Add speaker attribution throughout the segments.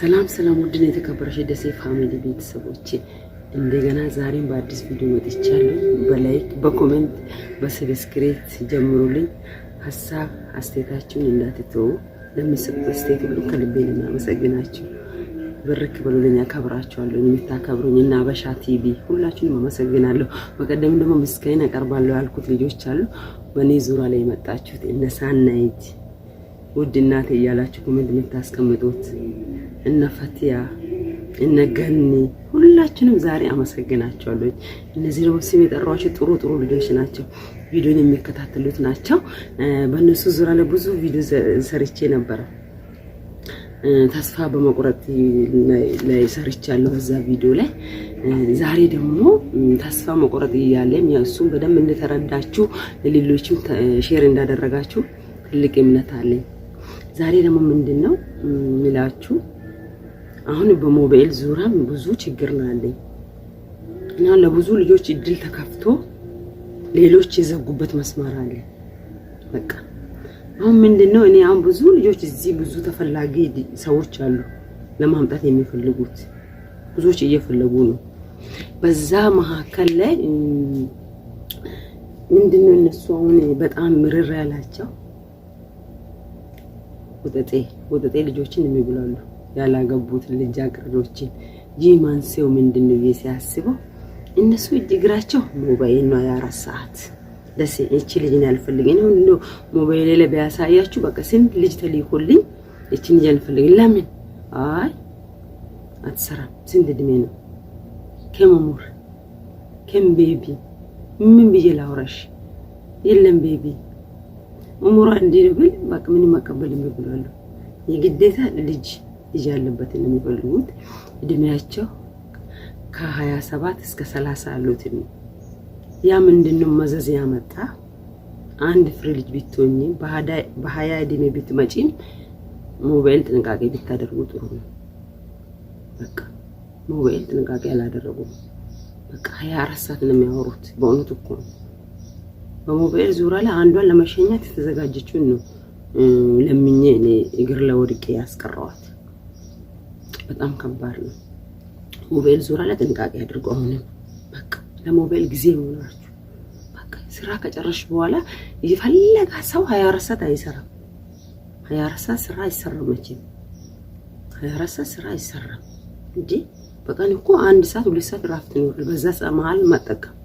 Speaker 1: ሰላም ሰላም፣ ውድን የተከበረሽ ደሴ ፋሚሊ ቤተሰቦች እንደገና ዛሬም በአዲስ ቪዲዮ መጥቻለሁ። በላይክ በኮሜንት በሰብስክሪፕት ጀምሩልኝ። ሀሳብ አስተያየታችሁን እንዳትተው። ለምትሰጡት አስተያየት ሁሉ ከልቤ አመሰግናችሁ። ብርክ በሉልኝ፣ አከብራችኋለሁ። የምታከብሩኝ እና አበሻ ቲቪ ሁላችሁንም አመሰግናለሁ። በቀደም ደግሞ ምስጋና አቀርባለሁ ያልኩት ልጆች አሉ በእኔ ዙራ ላይ የመጣችሁት እነሳናይት ውድ እናቴ እያላችሁ ኮሜንት የምታስቀምጡት እነ ፈቲያ እነ ገኒ ሁላችንም ዛሬ አመሰግናቸዋለሁ። እነዚህ ደግሞ ስም የጠሯቸው ጥሩ ጥሩ ልጆች ናቸው። ቪዲዮን የሚከታተሉት ናቸው። በእነሱ ዙሪያ ላይ ብዙ ቪዲዮ ሰርቼ ነበረ። ተስፋ በመቁረጥ ላይ ሰርቻለሁ በዛ ቪዲዮ ላይ። ዛሬ ደግሞ ተስፋ መቁረጥ እያለም እሱም በደንብ እንደተረዳችሁ ለሌሎችም ሼር እንዳደረጋችሁ ትልቅ እምነት አለኝ። ዛሬ ደግሞ ምንድን ነው ሚላችሁ አሁን በሞባይል ዙሪያም ብዙ ችግር ነው ያለኝ እና ለብዙ ልጆች እድል ተከፍቶ ሌሎች የዘጉበት መስመር አለ። በቃ አሁን ምንድነው እኔ አሁን ብዙ ልጆች እዚህ ብዙ ተፈላጊ ሰዎች አሉ ለማምጣት የሚፈልጉት ብዙዎች እየፈለጉ ነው። በዛ መካከል ላይ ምንድነው እነሱ አሁን በጣም ምርር ያላቸው ወጠጤ ወጠጤ ልጆችን የሚብላሉ ያላገቡትን ልጃገረዶችን ይህ ማንሴው ምንድን ነው ብዬ ሲያስበው እነሱ እጅ እግራቸው ሞባይል ነው የአራት ሰዓት ደስ እቺ ልጅ ነው ነው እንዶ ሞባይል ሌለ ቢያሳያችሁ በቃ ስንት ልጅ ተልኮልኝ እቺን ልጅ አልፈልግም ለምን አይ አትሰራም ስንት እድሜ ነው ከመሙር ከም ቤቢ ምን ብዬ ላውራሽ የለም ቤቢ ሙራ እንዲብል በቃ ምን ማቀበል ብሏል የግዴታ ልጅ እያለበት ያለበትን የሚፈልጉት እድሜያቸው ከሀያ ሰባት እስከ ሰላሳ ያሉትን ነው። ያ ምንድነው መዘዝ ያመጣ? አንድ ፍሬ ልጅ ብትሆኝ በሀያ እድሜ ብትመጪም ሞባይል ጥንቃቄ ብታደርጉ ጥሩ ነው። በቃ ሞባይል ጥንቃቄ አላደረጉም። በቃ ሀያ አራት ሰዓት ነው የሚያወሩት። በእውነት እኮ ነው። በሞባይል ዙሪያ ላይ አንዷን ለመሸኛት የተዘጋጀችውን ነው ለምኜ እኔ እግር ለወድቄ ያስቀረዋት። በጣም ከባድ ነው። ሞባይል ዙሪያ ላይ ጥንቃቄ አድርጎ አሁንም በቃ ለሞባይል ጊዜ ይሆናችሁ። በቃ ስራ ከጨረሽ በኋላ የፈለጋ ሰው ሀያ አራት ሰዓት አይሰራም። ሀያ አራት ሰዓት ስራ አይሰራም። መቼም ሀያ አራት ሰዓት ስራ አይሰራም እንጂ በቀን እኮ አንድ ሰዓት ሁለት ሰዓት ራፍት ይኖራል። በዛ ሰዓት መሀል መጠቀም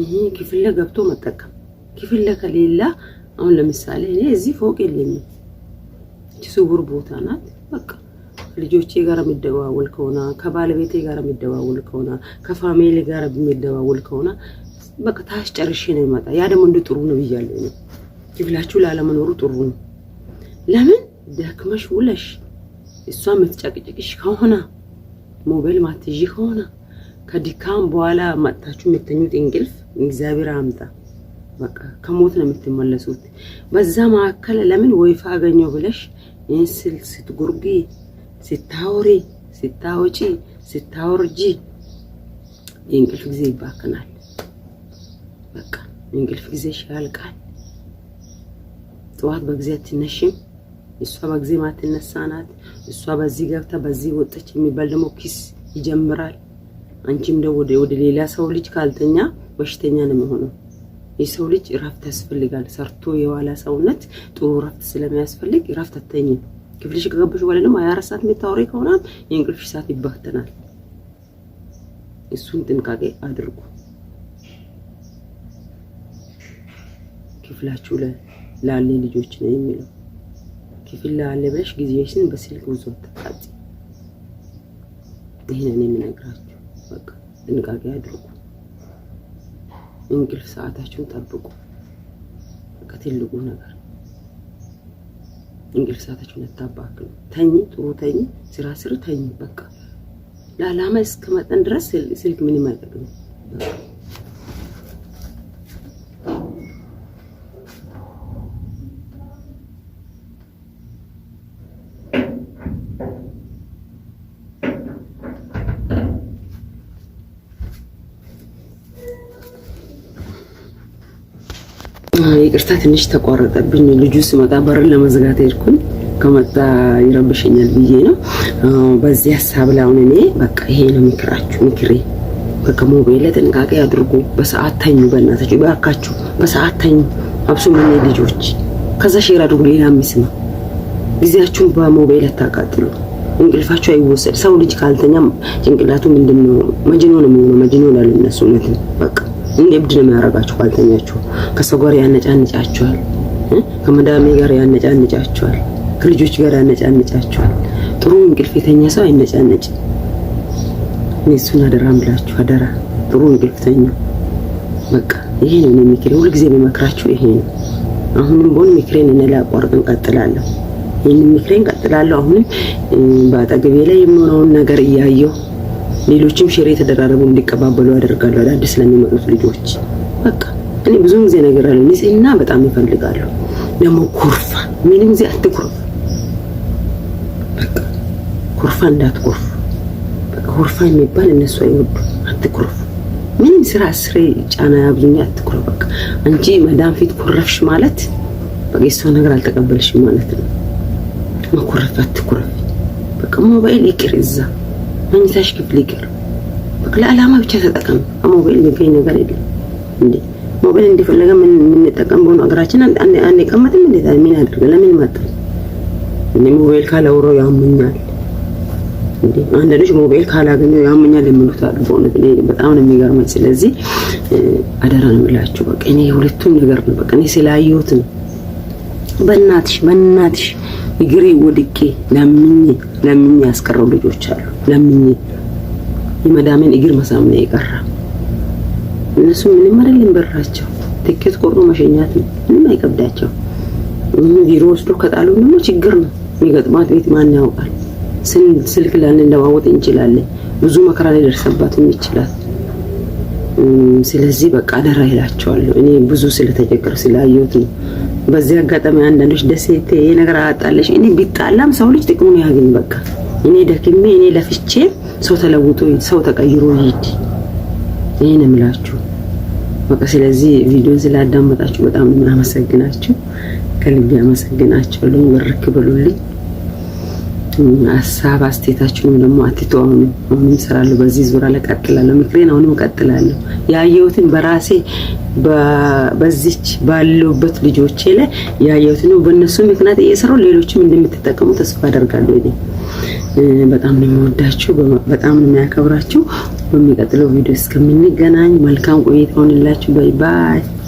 Speaker 1: ይሄ ክፍል ገብቶ መጠቀም ክፍል ከሌላ አሁን ለምሳሌ እኔ እዚህ ፎቅ የለኝም። እቺ ስውር ቦታ ናት በቃ ልጆቼ ጋር የሚደዋውል ከሆነ ከባለቤቴ ጋር የሚደዋውል ከሆነ ከፋሚሊ ጋር የሚደዋውል ከሆነ በቃ ታሽ ጨርሼ ነው ይመጣ። ያ ደግሞ እንደ ጥሩ ነው ብያለሁ ነው ክፍላችሁ ላለመኖሩ ጥሩ ነው። ለምን ደክመሽ ውለሽ እሷ የምትጨቅጭቅሽ ከሆነ ሞባይል ማትጂ ከሆነ ከድካም በኋላ መጥታችሁ የምትኙት እንቅልፍ እግዚአብሔር አምጣ። በቃ ከሞት ነው የምትመለሱት። በዛ መካከል ለምን ወይፋ አገኘው ብለሽ ይህን ስል ስትጉርጊ ስታወሪ፣ ስታወጪ፣ ስታወርጂ የእንቅልፍ ጊዜ ይባክናል። በቃ የእንቅልፍ ጊዜሽ ያልቃል። ጠዋት በጊዜ አትነሽም። እሷ በጊዜ ማትነሳ ናት። እሷ በዚህ ገብታ በዚህ ወጠች የሚባል ደግሞ ኪስ ይጀምራል። አንቺም ደግሞ ወደ ሌላ ሰው ልጅ ካልተኛ በሽተኛ ነው የሚሆነው። የሰው ልጅ እረፍት ያስፈልጋል። ሰርቶ የዋላ ሰውነት ጥሩ እረፍት ስለሚያስፈልግ እረፍት አተኝም። ክፍልሽ ከገባሽ በኋላ ደግሞ 24 ሰዓት የምታወሪ ከሆነ የእንቅልፍሽ ሰዓት ይባተናል። እሱን ጥንቃቄ አድርጉ። ክፍላችሁ ላለ ልጆች ነው የሚለው ክፍል ላለ ብለሽ ጊዜሽን በስልክ ብዙ አታቃጭ። ይህንን የምነግራችሁ በቃ ጥንቃቄ አድርጉ። እንቅልፍ ሰዓታችሁን ጠብቁ። በቃ ትልቁ ነገር እንቅልፍ ነታባክ አታባክኑ። ተኝ ጥሩ ተኝ፣ ስራ ስር ተኝ። በቃ ለዓላማ እስከመጠን ድረስ ስልክ ምን ምንም ነው ይቅርታ ትንሽ ተቋረጠብኝ። ልጁ በርን ለመዝጋት ሄድኩኝ። ከመጣ ይረብሸኛል ብዬ ነው። በዚህ ሀሳብ ላይ አሁን እኔ በቃ ይሄ ነው ምክራችሁ፣ ምክሬ ጥንቃቄ አድርጉ። በሰዓት ተኙ፣ በእናታችሁ ባካችሁ፣ በሰዓት ተኙ። አብሶ ምን ልጆች ከዛ ሼር አድርጉ። ሌላ ጊዜያችሁን በሞባይል አታቃጥሉ። እንቅልፋችሁ አይወሰድ። ሰው ልጅ ካልተኛ ጭንቅላቱ ምንድን ነው መጅኖ ነው የሚሆነው። መጅኖ ላሉ እነሱ እውነት ነው እብድ ነው የሚያደርጋችሁ ባልተኛችሁ ከሰው ጋር ያነጫንጫችኋል፣ ከመዳሜ ጋር ያነጫንጫችኋል፣ ከልጆች ጋር ያነጫንጫችኋል። ጥሩ እንቅልፍ የተኛ ሰው አይነጫነጭ። እኔ እሱን አደራ ብላችሁ አደራ፣ ጥሩ እንቅልፍ ተኙ። በቃ ይሄ ነው የሚክሬ፣ ሁልጊዜ የሚመክራችሁ ይሄ ነው። አሁንም ቦን ምክሬን እኔ ላቋርጥን ቀጥላለሁ። ይህን ምክሬን ቀጥላለሁ። አሁንም በአጠገቤ ላይ የሚሆነውን ነገር እያየሁ ሌሎችም ሼር የተደራረቡ እንዲቀባበሉ ያደርጋሉ። አዳዲስ ለሚመጡት ልጆች በቃ እኔ ብዙ ጊዜ ነገር አለ ንጽህና በጣም ይፈልጋሉ። ደግሞ ኩርፋ ምንም ጊዜ አትኩርፍ፣ በቃ ኩርፋ እንዳትኩርፍ። በቃ ኩርፋ የሚባል እነሱ አይወዱ። አትኩርፍ፣ ምንም ስራ ስሬ ጫና ያብዙኝ፣ አትኩርፍ። በቃ አንቺ መዳም ፊት ኩረፍሽ ማለት በቃ የሰው ነገር አልተቀበልሽም ማለት ነው። መኩረፍ፣ አትኩረፍ። በቃ ሞባይል ይቅር እዛ መኝታሽ ክፍል ይቅር፣ በቃ ለዓላማ ብቻ ተጠቀም። ሞባይል የሚገኝ ነገር የለም እንዴ! ሞባይል እንደፈለገ ምን የምንጠቀም በሆነ ሀገራችን አንድ እንዴት ምን አድርገ ለምን መጣ? እኔ ሞባይል ካላውሮ ያምኛል እንዴ! አንዳንዶች ሞባይል ካላገኘው ያምኛል የምሉት አሉ። በእውነት እኔ በጣም ነው የሚገርመኝ። ስለዚህ አደራ ነው የምላችሁ። በቃ እኔ ሁለቱም ነገር ነው በቃ እኔ ስላየሁት ነው። በእናትሽ በእናትሽ እግሬ ወድቄ ለምኝ ለምኝ ያስቀረው ልጆች አሉ ለምኝ የመዳሜን እግር መሳም ነው የቀራ። እነሱ ምንም አይደለም፣ በራቸው ትኬት ቆርጦ መሸኛት ምንም አይቀብዳቸው ቢሮ ወስዶ ከጣሉ ደግሞ ችግር ነው የሚገጥማት። ቤት ማን ያውቃል? ስልክ ላለንለዋወጥ እንችላለን። ብዙ መከራ ላይ ደርሰባት ይችላል። ስለዚህ በቃ አደራ ይላቸዋለሁ። እኔ ብዙ ስለተቸገር ስላየሁት ነው። በዚህ አጋጣሚ አንዳንዶች ደሴት ነገር አጣለሽ። እኔ ቢጣላም ሰው ልጅ ጥቅሙን ያግኝ በቃ እኔ ደክሜ እኔ ለፍቼ ሰው ተለውጦ ሰው ተቀይሮ ይሄድ። ይሄን እምላችሁ በቃ። ስለዚህ ቪዲዮን ስላዳመጣችሁ በጣም አመሰግናችሁ፣ ከልቤ አመሰግናችኋለሁ። በርክ በሉልኝ። ሀሳብ አስተያየታችሁንም ደግሞ አትቶ አሁንም አሁንም እሰራለሁ በዚህ ዙራ ላይ እቀጥላለሁ፣ ምክሬን አሁንም እቀጥላለሁ። ያየሁትን በራሴ በዚች ባለሁበት ልጆቼ ላይ ያየሁትን በእነሱ ምክንያት እየሰራሁ ሌሎችም እንደምትጠቀሙ ተስፋ አደርጋለሁ። እኔ በጣም ነው የሚወዳችሁ፣ በጣም ነው የሚያከብራችሁ። በሚቀጥለው ቪዲዮ እስከምንገናኝ መልካም ቆይታ ሆንላችሁ። ባይ ባይ።